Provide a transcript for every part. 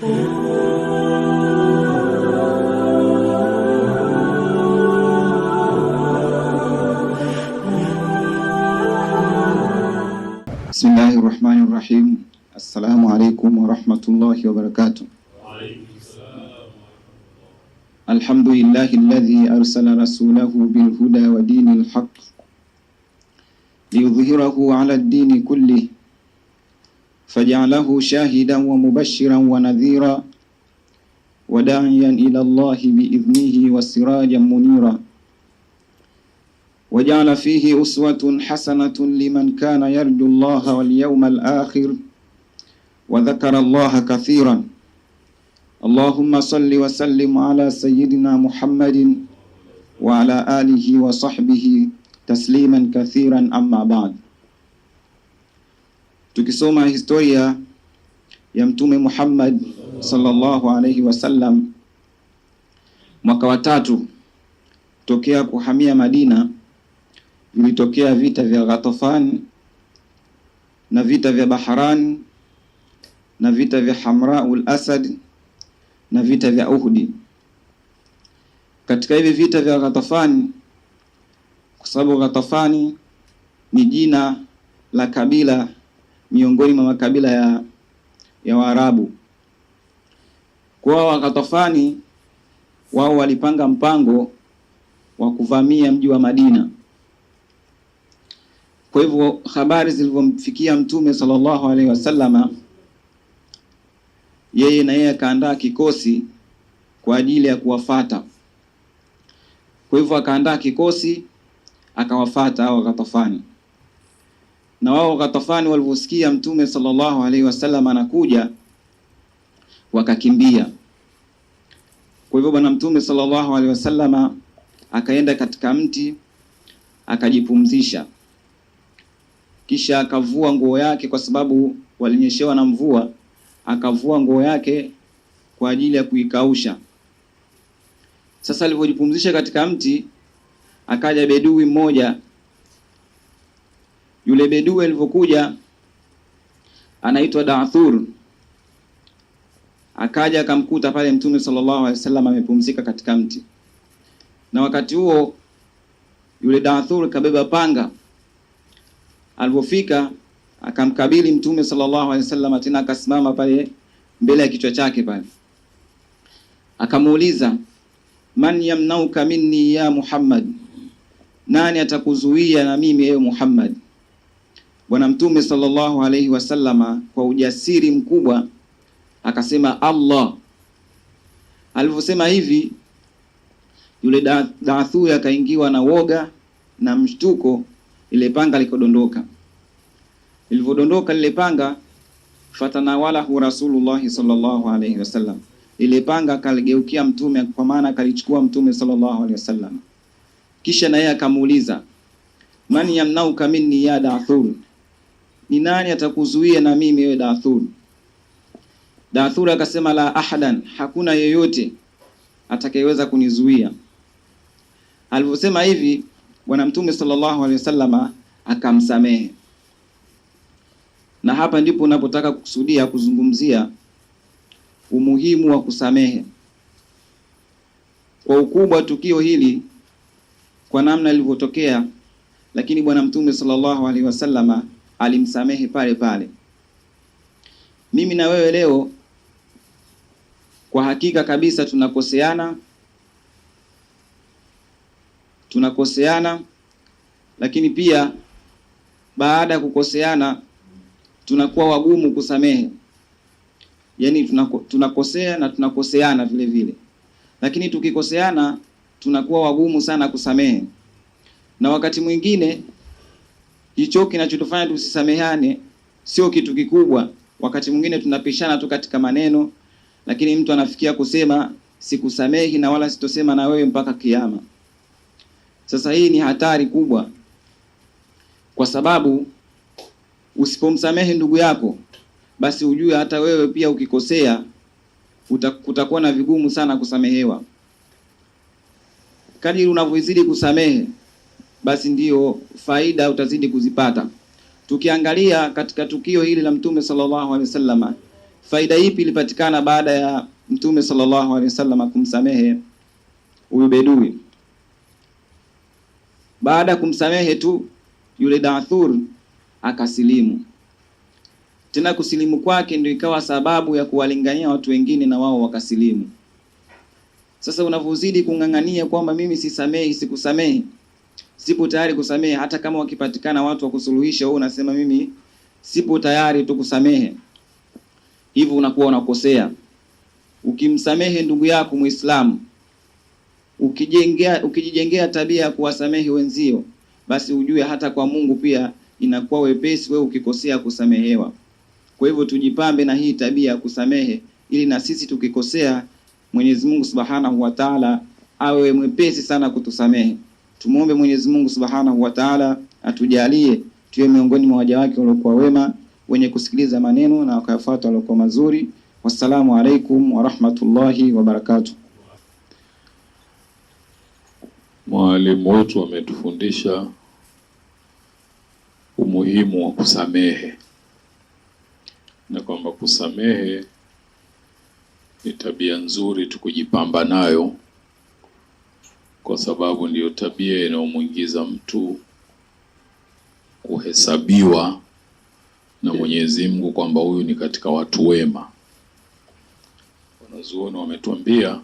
بسم الله الرحمن الرحيم السلام عليكم ورحمة الله وبركاته الحمد لله الذي أرسل رسوله بالهدى ودين الحق ليظهره على الدين كله فجعله شاهدا ومبشرا ونذيرا وداعيا إلى الله بإذنه وسراجا منيرا وجعل فيه أسوة حسنة لمن كان يرجو الله واليوم الآخر وذكر الله كثيرا اللهم صل وسلم على سيدنا محمد وعلى آله وصحبه تسليما كثيرا أما بعد Tukisoma historia ya Mtume Muhammad sallallahu alaihi wasallam, mwaka wa tatu tokea kuhamia Madina vilitokea vita vya Ghatafan na vita vya Bahran na vita vya Hamraul Asad na vita vya Uhudi. Katika hivi vita vya Ghatafani, kwa sababu Ghatafani ni jina la kabila miongoni mwa makabila ya ya Waarabu. Kwa Wakatofani, wao walipanga mpango wa kuvamia mji wa Madina. Kwa hivyo habari zilivyomfikia Mtume sallallahu alaihi wasallama, yeye na yeye akaandaa kikosi kwa ajili ya kuwafata. Kwa hivyo akaandaa kikosi akawafata hao Wakatofani na wao Ghatafani walivyosikia Mtume sallallahu alaihi wasallam anakuja wakakimbia. Kwa hivyo bwana Mtume sallallahu alaihi wasallam akaenda katika mti akajipumzisha, kisha akavua nguo yake, kwa sababu walinyeshewa na mvua. Akavua nguo yake kwa ajili ya kuikausha. Sasa alipojipumzisha katika mti, akaja bedui mmoja yule bedui alivyokuja anaitwa Da'thur, akaja akamkuta pale Mtume sallallahu alaihi wasallam amepumzika katika mti, na wakati huo yule Da'thur kabeba panga. Alipofika akamkabili Mtume sallallahu alaihi wasallam, tena akasimama pale mbele ya kichwa chake pale, akamuuliza man yamnauka minni ya Muhammad, nani atakuzuia na mimi ewe Muhammad? Bwana Mtume sallallahu alaihi wasallama kwa ujasiri mkubwa akasema Allah. Alivyosema hivi, yule da, yakaingiwa akaingiwa na woga na mshtuko, ile panga likodondoka. ilivyodondoka lile panga, fatanawalahu Rasulullahi sallallahu alaihi wasallam, ile panga akaligeukia Mtume, kwa maana akalichukua Mtume sallallahu alaihi wasallam. Kisha na yeye akamuuliza, man yamnauka minni ya Dathuri ni nani atakuzuia na mimi wewe Dathur? Dathur akasema la ahadan, hakuna yeyote atakayeweza kunizuia. Alivyosema hivi, Bwana Mtume sallallahu alaihi wasallama akamsamehe, na hapa ndipo unapotaka kukusudia kuzungumzia umuhimu wa kusamehe kwa ukubwa tukio hili kwa namna lilivyotokea, lakini Bwana Mtume sallallahu alaihi wasallama alimsamehe pale pale. Mimi na wewe leo kwa hakika kabisa tunakoseana, tunakoseana, lakini pia baada ya kukoseana tunakuwa wagumu kusamehe, yaani tunako, tunakosea na tunakoseana vile vile, lakini tukikoseana tunakuwa wagumu sana kusamehe na wakati mwingine hicho kinachotufanya tusisamehane sio kitu kikubwa. Wakati mwingine tunapishana tu katika maneno, lakini mtu anafikia kusema sikusamehi na wala sitosema na wewe mpaka kiama. Sasa hii ni hatari kubwa, kwa sababu usipomsamehe ndugu yako, basi ujue hata wewe pia ukikosea kutakuwa na vigumu sana kusamehewa. Kadiri unavyozidi kusamehe basi ndiyo faida utazidi kuzipata. Tukiangalia katika tukio hili la Mtume sallallahu alaihi wasallam, faida ipi ilipatikana baada ya Mtume sallallahu alaihi wasallam kumsamehe huyu bedui? Baada ya kumsamehe tu yule Dathur akasilimu. Tena kusilimu kwake ndio ikawa sababu ya kuwalingania watu wengine na wao wakasilimu. Sasa unavyozidi kung'ang'ania kwamba mimi sisamehi, sikusamehi sipo tayari kusamehe, hata kama wakipatikana watu wa kusuluhisha, wewe unasema mimi sipo tayari tu kusamehe, hivyo unakuwa unakosea. Ukimsamehe ndugu yako Muislamu, ukijengea ukijijengea tabia ya kuwasamehe wenzio, basi ujue hata kwa Mungu pia inakuwa wepesi wewe ukikosea kusamehewa. Kwa hivyo tujipambe na hii tabia ya kusamehe, ili na sisi tukikosea Mwenyezi Mungu Subhanahu wa Ta'ala awe mwepesi sana kutusamehe. Tumwombe Mwenyezi Mungu Subhanahu wa Ta'ala atujalie tuwe miongoni mwa waja wake waliokuwa wema wenye kusikiliza maneno na wakayafuata waliokuwa mazuri. Wassalamu alaikum warahmatullahi wabarakatuh. Mwalimu wetu ametufundisha umuhimu wa kusamehe na kwamba kusamehe ni tabia nzuri tukujipamba nayo kwa sababu ndiyo tabia inayomwingiza mtu kuhesabiwa na Mwenyezi Mungu kwamba huyu ni katika watu wema. Wanazuoni wametuambia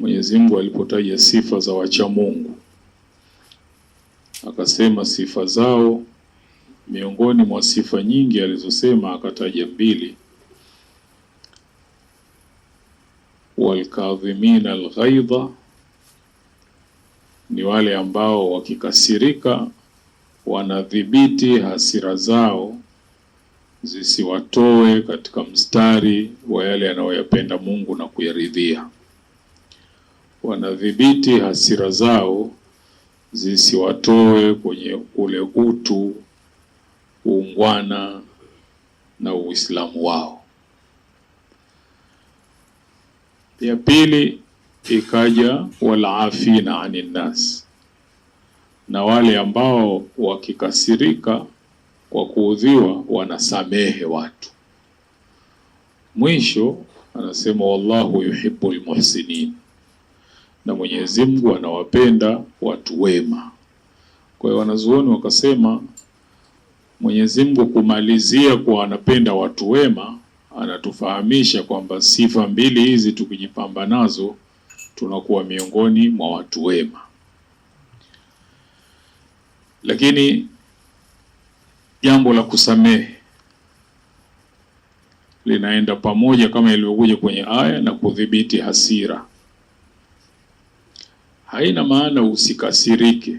Mwenyezi Mungu alipotaja sifa za wacha Mungu akasema sifa zao, miongoni mwa sifa nyingi alizosema akataja mbili, walkadhimina alghaidha ni wale ambao wakikasirika wanadhibiti hasira zao zisiwatoe katika mstari wa yale yanayoyapenda Mungu na kuyaridhia. Wanadhibiti hasira zao zisiwatoe kwenye ule utu, uungwana na Uislamu wao. Ya pili ikaja walafina anin nas, na wale ambao wakikasirika kwa kuudhiwa wanasamehe watu. Mwisho anasema wallahu yuhibbu lmuhsinin, na Mwenyezi Mungu anawapenda watu wema. Kwa hiyo wanazuoni wakasema Mwenyezi Mungu kumalizia kuwa anapenda watu wema, anatufahamisha kwamba sifa mbili hizi tukijipamba nazo tunakuwa miongoni mwa watu wema. Lakini jambo la kusamehe linaenda pamoja kama ilivyokuja kwenye aya na kudhibiti hasira. Haina maana usikasirike,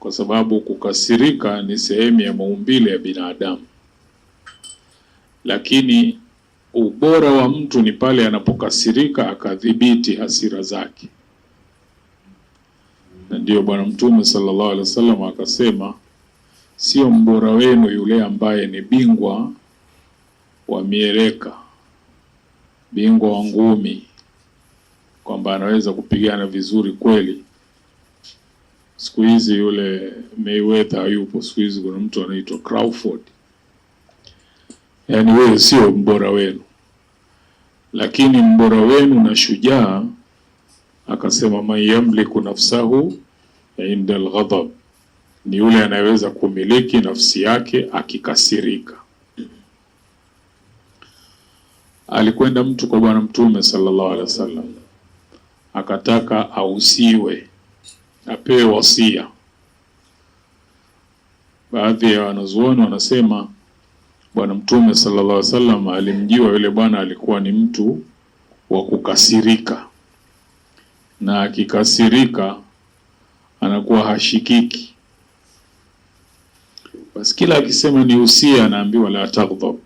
kwa sababu kukasirika ni sehemu ya maumbile ya binadamu, lakini Ubora wa mtu ni pale anapokasirika akadhibiti hasira zake, na ndiyo Bwana Mtume sallallahu alaihi wasallam akasema, sio mbora wenu yule ambaye ni bingwa wa mieleka, bingwa wa ngumi, kwamba anaweza kupigana vizuri kweli. Siku hizi yule Mayweather hayupo, siku hizi kuna mtu anaitwa Crawford yaani wewe sio mbora wenu, lakini mbora wenu na shujaa akasema, man yamliku nafsahu inda alghadab, ni yule anayeweza kumiliki nafsi yake akikasirika. Alikwenda mtu kwa Bwana Mtume sallallahu alaihi wasallam akataka ausiwe, apewe wasia. Baadhi ya wanazuoni wanasema Bwana Mtume sallallahu alaihi wasallam alimjiwa yule bwana alikuwa ni mtu wa kukasirika, na akikasirika anakuwa hashikiki. Basi kila akisema ni usia, anaambiwa la taghdhab,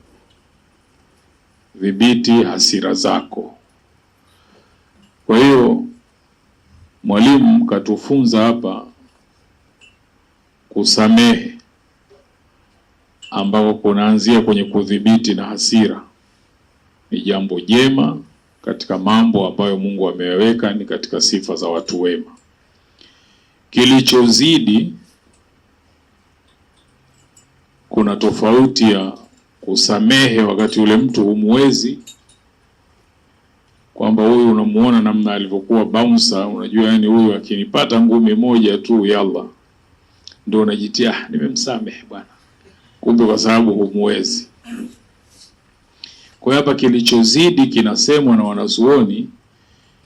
dhibiti hasira zako. Kwa hiyo mwalimu katufunza hapa kusamehe ambao kunaanzia kwenye kudhibiti na hasira ni jambo jema katika mambo ambayo Mungu ameweka ni katika sifa za watu wema. Kilichozidi kuna tofauti ya kusamehe wakati ule mtu humwezi, kwamba huyu unamuona namna alivyokuwa bouncer, unajua yani huyu akinipata ngumi moja tu yalla, ndio unajitia ah, nimemsamehe bwana kumbe kwa sababu humwezi. Kwa hiyo hapa kilichozidi kinasemwa na wanazuoni,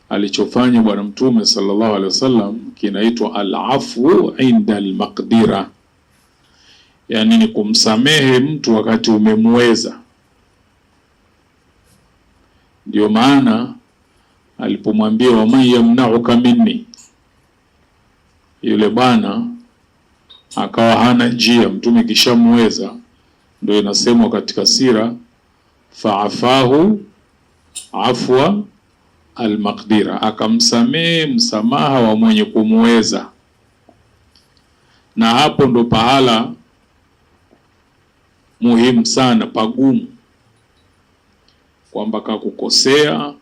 alichofanya Bwana Mtume sallallahu alaihi wasallam kinaitwa alafu inda al-maqdira, yaani ni kumsamehe mtu wakati umemweza. Ndio maana alipomwambia waman yamnauka minni, yule bwana akawa hana njia, mtume kishamweza, ndio inasemwa katika sira faafahu afwa almaqdira, akamsamehe msamaha wa mwenye kumweza. Na hapo ndo pahala muhimu sana pagumu, kwamba kakukosea,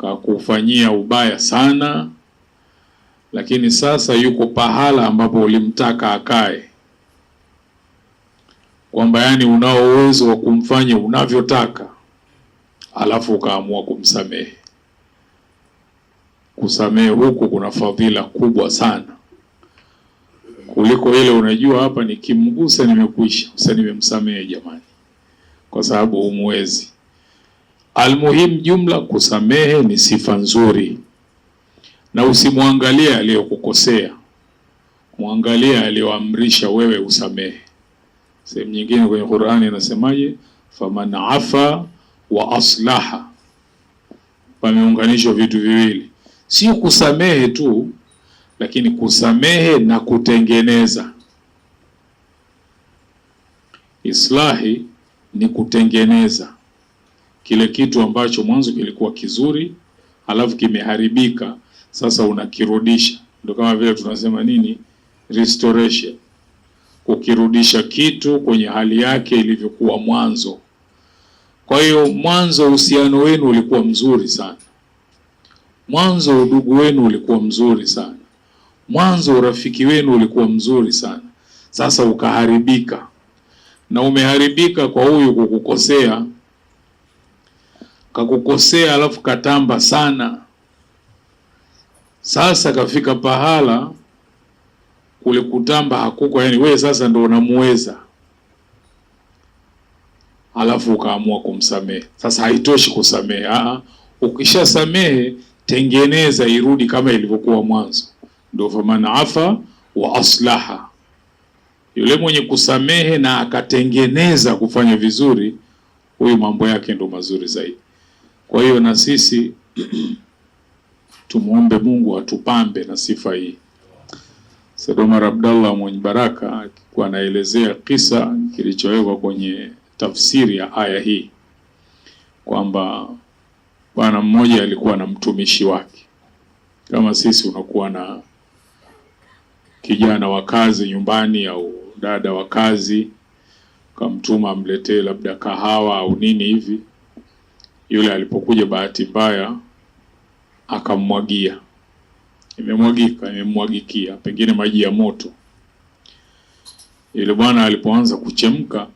kakufanyia ubaya sana lakini sasa yuko pahala ambapo ulimtaka akae, kwamba yani unao uwezo wa kumfanya unavyotaka, alafu ukaamua kumsamehe. Kusamehe huku kuna fadhila kubwa sana kuliko ile unajua, hapa nikimgusa nimekwisha, sasa nimemsamehe. Jamani, kwa sababu humwezi. Almuhimu, jumla kusamehe ni sifa nzuri na usimwangalie aliyokukosea, mwangalie aliyoamrisha wewe usamehe. Sehemu nyingine kwenye Qur'ani inasemaje? faman afa wa aslaha. Pameunganishwa vitu viwili, si kusamehe tu, lakini kusamehe na kutengeneza. Islahi ni kutengeneza kile kitu ambacho mwanzo kilikuwa kizuri, halafu kimeharibika sasa unakirudisha. Ndio kama vile tunasema nini, restoration, kukirudisha kitu kwenye hali yake ilivyokuwa mwanzo. Kwa hiyo mwanzo uhusiano wenu ulikuwa mzuri sana, mwanzo udugu wenu ulikuwa mzuri sana, mwanzo urafiki wenu ulikuwa mzuri sana. Sasa ukaharibika, na umeharibika kwa huyu kukukosea, kakukosea alafu katamba sana sasa kafika pahala kule kutamba hakuko, yani wewe sasa ndo unamuweza, alafu ukaamua kumsamehe. Sasa haitoshi kusamehe, a, ukishasamehe tengeneza irudi kama ilivyokuwa mwanzo, ndio faman afa wa aslaha, yule mwenye kusamehe na akatengeneza kufanya vizuri, huyu mambo yake ndo mazuri zaidi. Kwa hiyo na sisi Tumwombe Mungu atupambe na sifa hii. Said Omar Abdallah mwenye baraka alikuwa anaelezea kisa kilichowekwa kwenye tafsiri ya aya hii kwamba bwana mmoja alikuwa na mtumishi wake. Kama sisi unakuwa na kijana wa kazi nyumbani au dada wa kazi, ukamtuma amletee labda kahawa au nini hivi. Yule alipokuja bahati mbaya akamwagia, imemwagika, imemwagikia pengine maji ya moto. Yule bwana alipoanza kuchemka,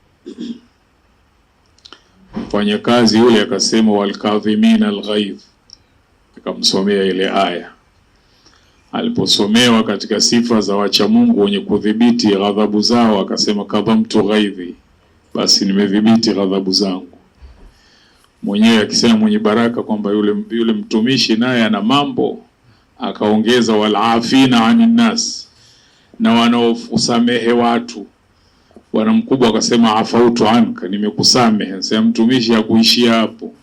mfanyakazi yule akasema, walkadhimina alghaidh, akamsomea ile aya. Aliposomewa katika sifa za wacha Mungu wenye kudhibiti ghadhabu zao, akasema kadhamtu ghaidhi, basi nimedhibiti ghadhabu zangu mwenyewe akisema mwenye baraka kwamba yule, yule mtumishi naye ana mambo, akaongeza walafina anin nas, na wanaosamehe watu. Bwana mkubwa akasema afautu anka, nimekusamehe. Sema mtumishi akuishia hapo,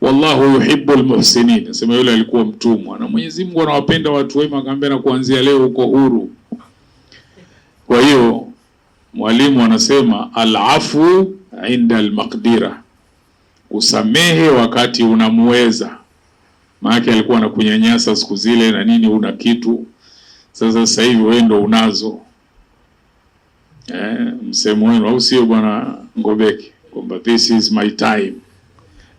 wallahu yuhibbu almuhsinin. Sema yule alikuwa mtumwa na Mwenyezi Mungu anawapenda watu wema, akaambia na kuanzia leo uko huru. Kwa hiyo mwalimu anasema alafu inda almaqdira kusamehe wakati unamweza. Maana alikuwa anakunyanyasa siku zile na nini, una kitu sasa. Sasa hivi wewe ndo unazo eh, msemo wenu, au sio bwana Ngobeke, kwamba this is my time,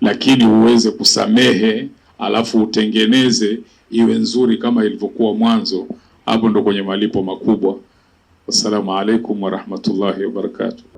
lakini uweze kusamehe alafu utengeneze iwe nzuri kama ilivyokuwa mwanzo. Hapo ndo kwenye malipo makubwa. Wassalamu alaikum warahmatullahi wabarakatuh.